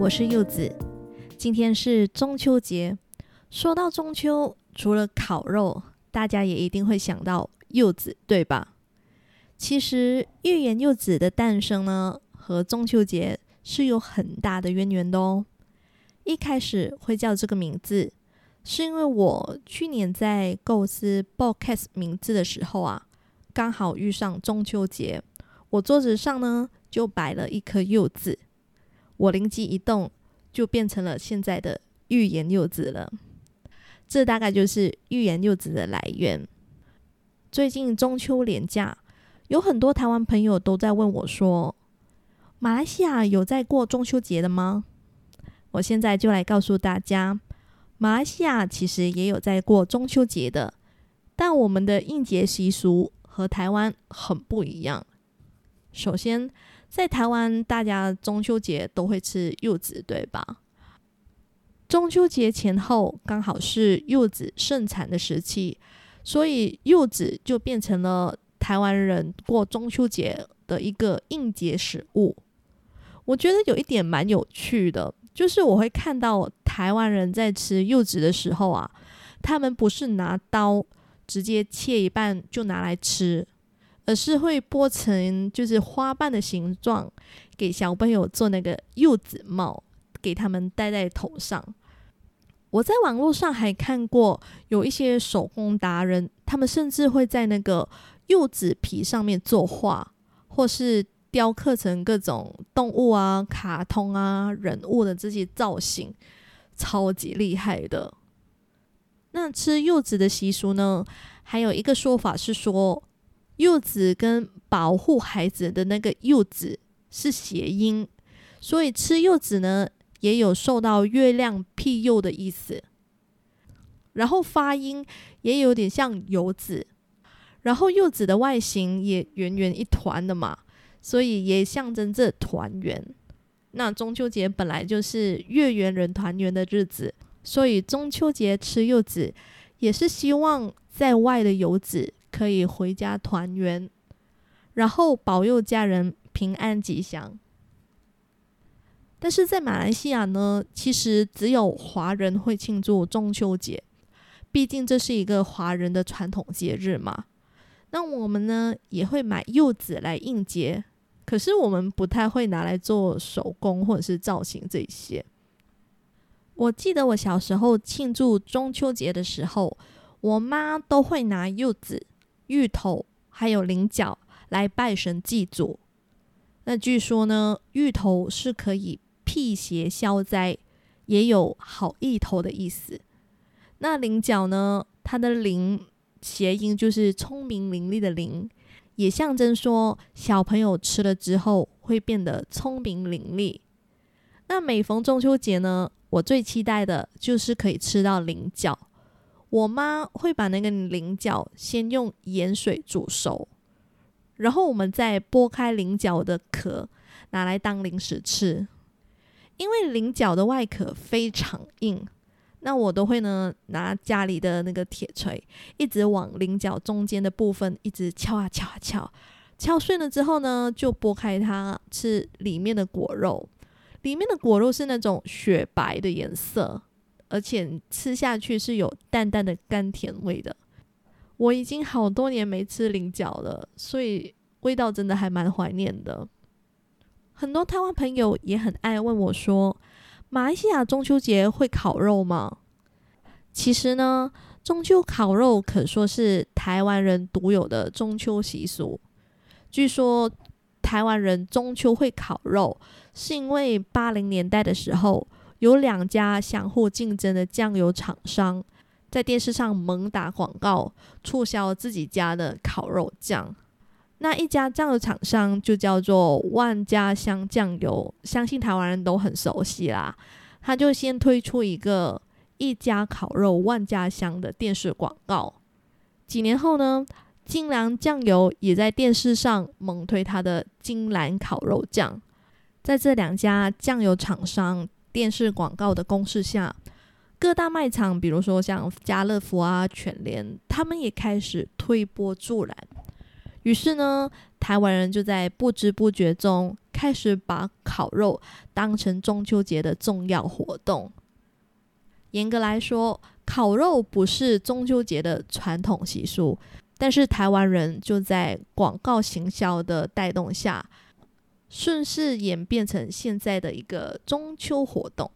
我是柚子，今天是中秋節。說到中秋，除了烤肉，大家也一定會想到柚子，對吧？其實，月圓柚子的誕生呢，和中秋節是有很大的淵源的哦。一開始會叫這個名字，是因為我去年在構思 podcast 名字的時候啊，剛好遇上中秋節，我桌子上呢就擺了一顆柚子。我靈機一動，就變成了現在的欲言又止了。這大概就是欲言又止的來源。最近中秋連假，有很多台灣朋友都在問我說，說馬來西亞有在過中秋節的嗎？我現在就來告訴大家，馬來西亞其實也有在過中秋節的，但我們的應節習俗和台灣很不一樣。首先，在台灣，大家中秋節都會吃柚子，對吧？中秋節前後剛好是柚子盛產的時期，所以柚子就變成了台灣人過中秋節的一個應節食物。我覺得有一點蠻有趣的，就是我會看到台灣人在吃柚子的時候啊，他們不是拿刀直接切一半就拿來吃。可是會剝成就是花瓣的形狀，給小朋友做那個柚子帽，給他們戴在頭上。我在網絡上還看過有一些手工達人，他們甚至會在那個柚子皮上面作畫，或是雕刻成各種動物啊、卡通啊、人物的這些造型，超級厲害的。那吃柚子的習俗呢，還有一個說法是說，柚子跟保護孩子的那個柚子是諧音，所以吃柚子呢也有受到月亮庇佑的意思。然後發音也有點像遊子，然後柚子的外形也圓圓一團的嘛，所以也象徵着團圓。那中秋節本來就是月圓人團圓的日子，所以中秋節吃柚子也是希望在外的遊子，可以回家團圓，然後保佑家人平安吉祥。但是在馬來西亞呢，其實只有華人會慶祝中秋節，畢竟這是一個華人的傳統節日嘛。那我們呢也會買柚子來應節，可是我們不太會拿來做手工或者是造型這些。我記得我小時候慶祝中秋節的時候，我媽都會拿柚子。芋頭還有菱角來拜神祭祖。那據說呢，芋頭是可以辟邪消災，也有好意頭的意思。那菱角呢，它的“菱”諧音就是聰明伶俐的“伶”，也象徵說小朋友吃了之後會變得聰明伶俐。那每逢中秋節呢，我最期待的就是可以吃到菱角。我媽會把那個菱角先用鹽水煮熟，然後我們再剝開菱角的殼，拿來當零食吃。因為菱角的外殼非常硬，那我都會呢拿家裡的那個鐵錘，一直往菱角中間的部分一直敲啊敲啊敲，敲碎了之後呢，就剝開它吃裡面的果肉。裡面的果肉是那種雪白的顏色。而且吃下去是有淡淡的甘甜味的。我已經好多年沒吃菱角了，所以味道真的還蠻懷念的。很多台灣朋友也很愛問我說：“馬來西亞中秋節會烤肉嗎？”其實呢，中秋烤肉可說是台灣人獨有的中秋習俗。據說台灣人中秋會烤肉，是因為八零年代的時候。有兩家相互競爭的醬油廠商在電視上猛打廣告，促銷自己家的烤肉醬。那一家醬油廠商就叫做萬家香醬油，相信台灣人都很熟悉啦。他就先推出一個“一家烤肉，萬家香”的電視廣告。幾年後呢，金蘭醬油也在電視上猛推他的金蘭烤肉醬。在這兩家醬油廠商。電視廣告的攻勢下，各大賣場，比如說像家樂福啊、全聯，他們也開始推波助瀾。於是呢，台灣人就在不知不覺中開始把烤肉當成中秋節的重要活動。嚴格來說，烤肉不是中秋節的傳統習俗，但是台灣人就在廣告行銷的帶動下。順勢演變成現在的一個中秋活動，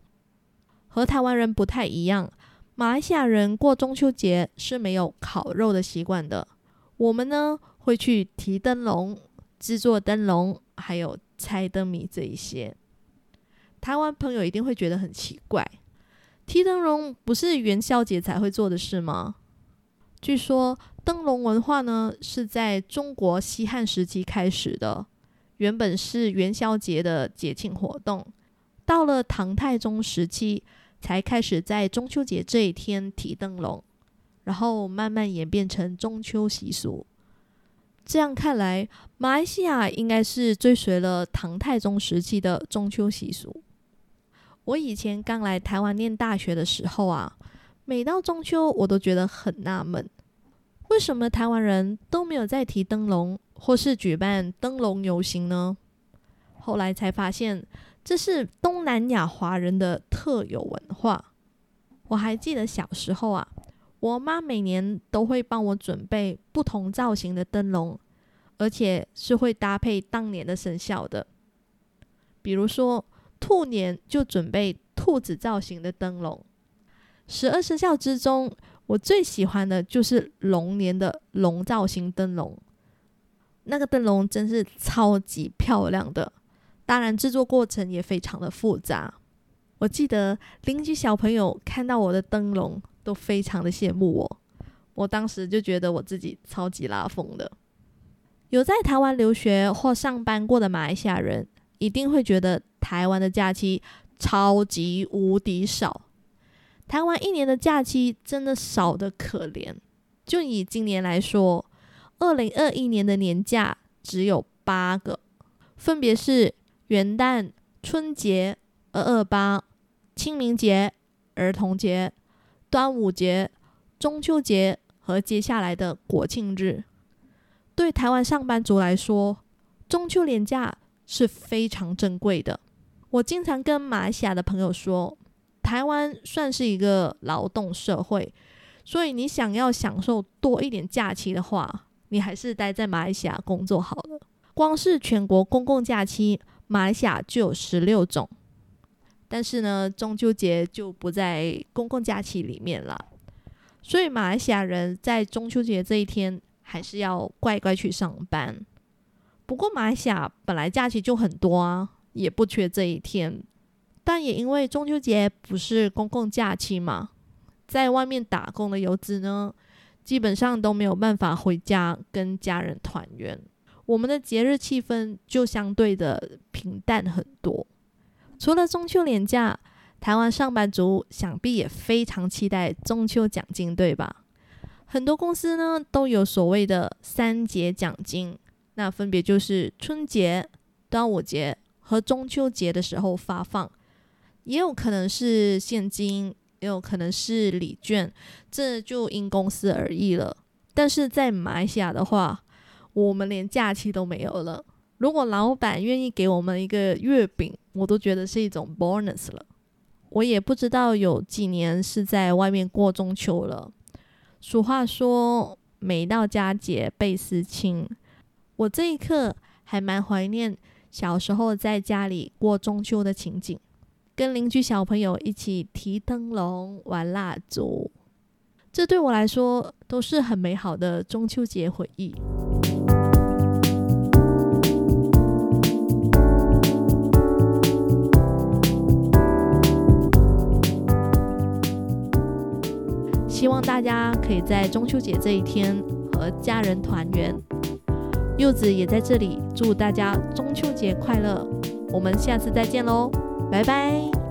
和台灣人不太一樣。馬來西亞人過中秋節是沒有烤肉的習慣的，我們呢會去提燈籠、製作燈籠，還有猜燈謎這一些。台灣朋友一定會覺得很奇怪，提燈籠不是元宵節才會做的事嗎？據說燈籠文化呢是在中國西漢時期開始的。原本是元宵節的節慶活動，到了唐太宗時期才開始在中秋節這一天提燈籠，然後慢慢演變成中秋習俗。這樣看來，馬來西亞應該是追隨了唐太宗時期的中秋習俗。我以前剛來台灣念大學的時候啊，每到中秋我都覺得很納悶，為什麼台灣人都沒有在提燈籠？或是舉辦燈籠遊行呢？後來才發現，這是東南亞華人的特有文化。我還記得小時候啊，我媽每年都會幫我準備不同造型的燈籠，而且是會搭配當年的生肖的。比如說，兔年就準備兔子造型的燈籠。十二生肖之中，我最喜歡的就是龍年的龍造型燈籠。那個燈籠真是超級漂亮的，當然製作過程也非常的複雜。我記得鄰居小朋友看到我的燈籠，都非常的羨慕我。我當時就覺得我自己超級拉風的。有在台灣留學或上班過的馬來西亞人，一定會覺得台灣的假期超級無敵少。台灣一年的假期真的少得可憐。就以今年來說。二零二一年的年假只有八個，分別是元旦、春節、二二八、清明節、兒童節、端午節、中秋節和接下來的國慶日。對台灣上班族來說，中秋連假是非常珍貴的。我經常跟馬來西亞的朋友說，台灣算是一個勞動社會，所以你想要享受多一點假期的話。你還是待在馬來西亞工作好了。光是全國公共假期，馬來西亞就有十六種，但是呢，中秋節就不在公共假期裡面了。所以馬來西亞人在中秋節這一天還是要乖乖去上班。不過馬來西亞本來假期就很多啊，也不缺這一天。但也因為中秋節不是公共假期嘛，在外面打工的遊子呢。基本上都沒有辦法回家跟家人團圓，我們的節日氣氛，就相對的平淡很多。除了中秋連假，台灣上班族想必也非常期待中秋獎金，對吧？很多公司呢，都有所謂的三節獎金，那分別就是春節、端午節和中秋節的時候發放，也有可能是現金，有可能是禮券，這就因公司而異了。但是在馬來西亞的話，我們連假期都沒有了。如果老板願意給我們一個月餅，我都覺得是一種 bonus 了。我也不知道有幾年是在外面過中秋了。俗話說，每到佳節倍思親。我這一刻還蠻懷念小時候在家裡過中秋的情景。跟鄰居小朋友一起提燈籠、玩蠟燭，這對我來說都是很美好的中秋節回憶。希望大家可以在中秋節這一天和家人團圓。柚子也在這裡，祝大家中秋節快樂！我們下次再見嘍。拜拜。